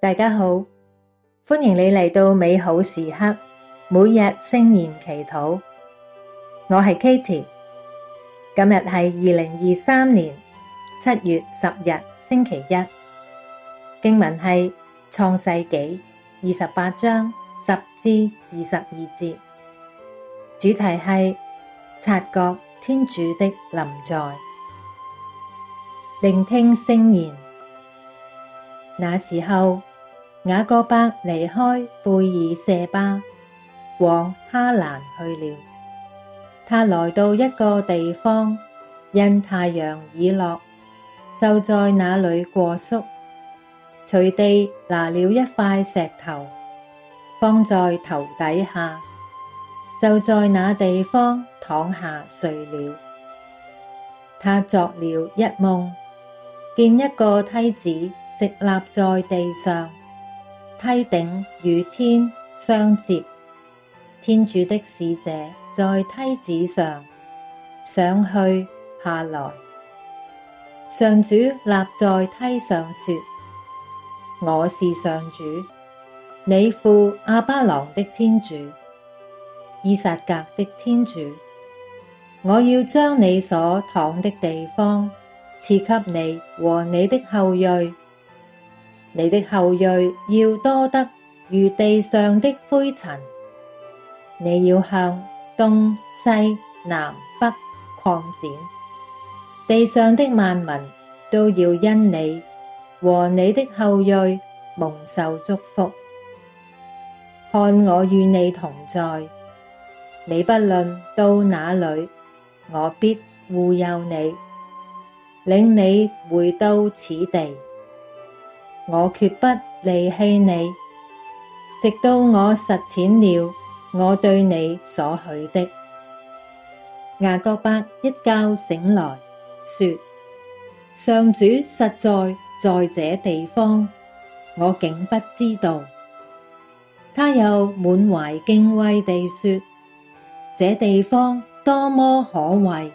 大家好，歡迎你嚟到美好時刻，每日聖言祈禱。我係 Katie，今日係二零二三年七月十日星期一。經文係創世紀二十八章十至二十二節，主題係察覺天主的臨在，聆聽聖言。那時候。雅各伯離開貝爾舍巴，往哈蘭去了。他來到一個地方，因太陽已落，就在那裏過宿。隨地拿了一塊石頭放在頭底下，就在那地方躺下睡了。他作了一夢：見一個梯子直立在地上。梯頂與天相接，天主的使者在梯子上上去下來。上主立在梯上說：我是上主，你父阿巴郎的天主，依撒格的天主。我要將你所躺的地方賜給你和你的後裔。你的後裔要多得如地上的灰塵，你要向東西南北擴展，地上的萬民都要因你和你的後裔蒙受祝福。看我與你同在，你不論到哪裏，我必護佑你，領你回到此地。我決不離棄你，直到我實踐了我對你所許的。雅各伯一覺醒來，說：上主實在在這地方，我竟不知道。他又滿懷敬畏地說：這地方多麼可畏，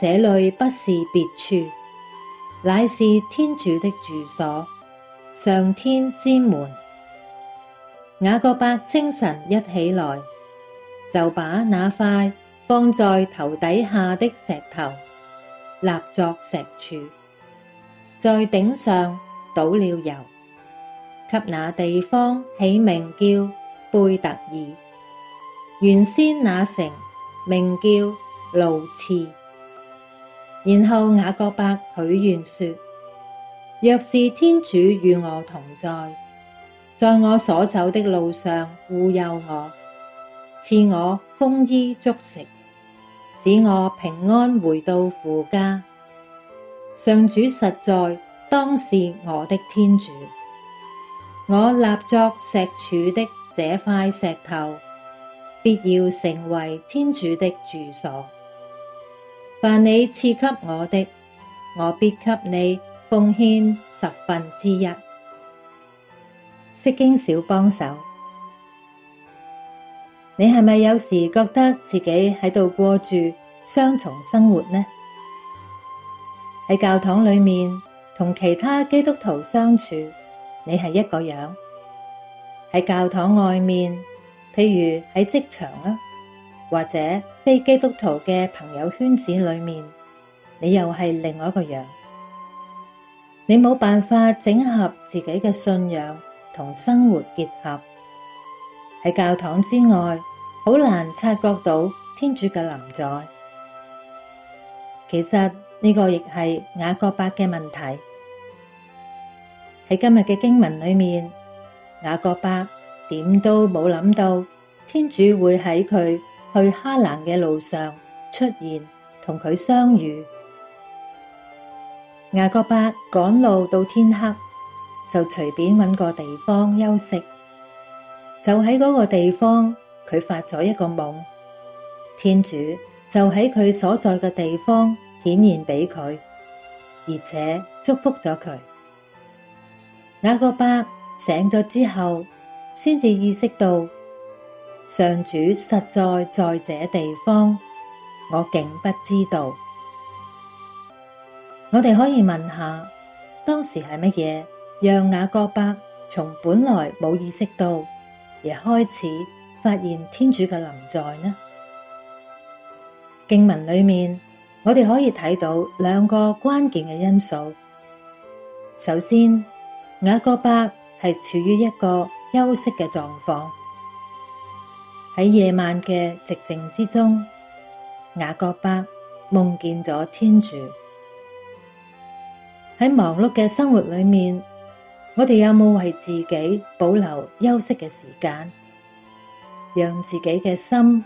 這裏不是別處，乃是天主的住所。上天之門。雅各伯清晨一起來，就把那塊放在頭底下的石頭立作石柱，在頂上倒了油，給那地方起名叫貝特耳。原先那城名叫路次，然後雅各伯許願說。若是天主與我同在，在我所走的路上護佑我，賜我豐衣足食，使我平安回到父家。上主實在當是我的天主。我立作石柱的這塊石頭，必要成為天主的住所。凡你賜給我的，我必給你。奉獻十分之一。釋經小幫手。你係咪有時覺得自己喺度過住雙重生活呢？喺教堂裏面同其他基督徒相處，你係一個樣；喺教堂外面，譬如喺職場啦，或者非基督徒嘅朋友圈子裏面，你又係另外一個樣。你冇辦法整合自己嘅信仰同生活結合，喺教堂之外，好難察覺到天主嘅臨在。其實呢個亦係雅各伯嘅問題。喺今日嘅經文裏面，雅各伯點都冇諗到天主會喺佢去哈蘭嘅路上出現，同佢相遇。雅各伯趕路到天黑，就隨便揾個地方休息。就喺嗰個地方，佢發咗一個夢，天主就喺佢所在嘅地方顯現俾佢，而且祝福咗佢。雅各伯醒咗之後，先至意識到上主實在在這地方，我竟不知道。我哋可以問下，當時係乜嘢讓雅各伯從本來冇意識到而開始發現天主嘅臨在呢？經文裏面，我哋可以睇到兩個關鍵嘅因素。首先，雅各伯係處於一個休息嘅狀況，喺夜晚嘅寂靜之中，雅各伯夢見咗天主。喺忙碌嘅生活裏面，我哋有冇為自己保留休息嘅時間，讓自己嘅心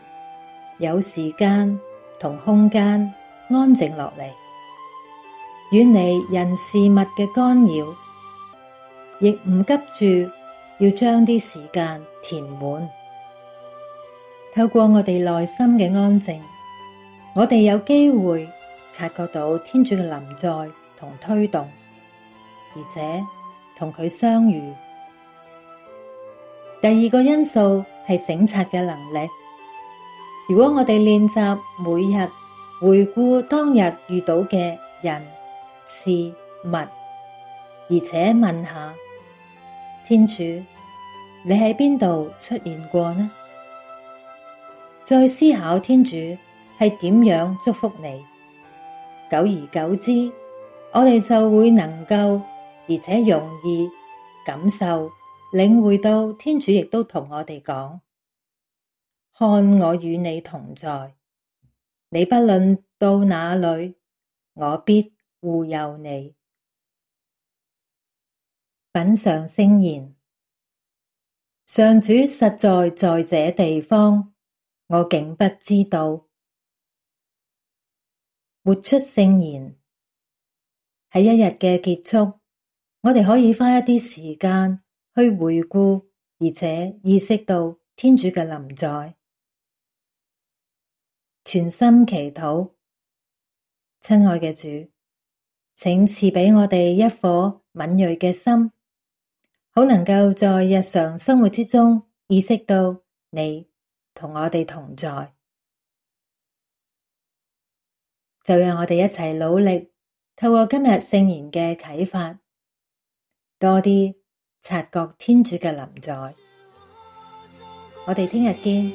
有時間同空間安靜落嚟，遠離人事物嘅干擾，亦唔急住要將啲時間填滿。透過我哋內心嘅安靜，我哋有機會察覺到天主嘅臨在。同推動，而且同佢相遇。第二個因素係省察嘅能力。如果我哋練習每日回顧當日遇到嘅人事物，而且問下天主：你喺邊度出現過呢？再思考天主係點樣祝福你。久而久之。我哋就會能夠，而且容易感受、領會到天主亦都同我哋講：看我與你同在，你不論到哪裏，我必護佑你。品嚐聖言，上主實在在這地方，我竟不知道。活出聖言。喺一日嘅結束，我哋可以花一啲時間去回顧，而且意識到天主嘅臨在。全心祈禱。親愛嘅主，請賜畀我哋一顆敏銳嘅心，好能夠在日常生活之中意識到你同我哋同在。就讓我哋一齊努力。透過今日聖言嘅啟發，多啲察覺天主嘅臨在。我哋聽日見。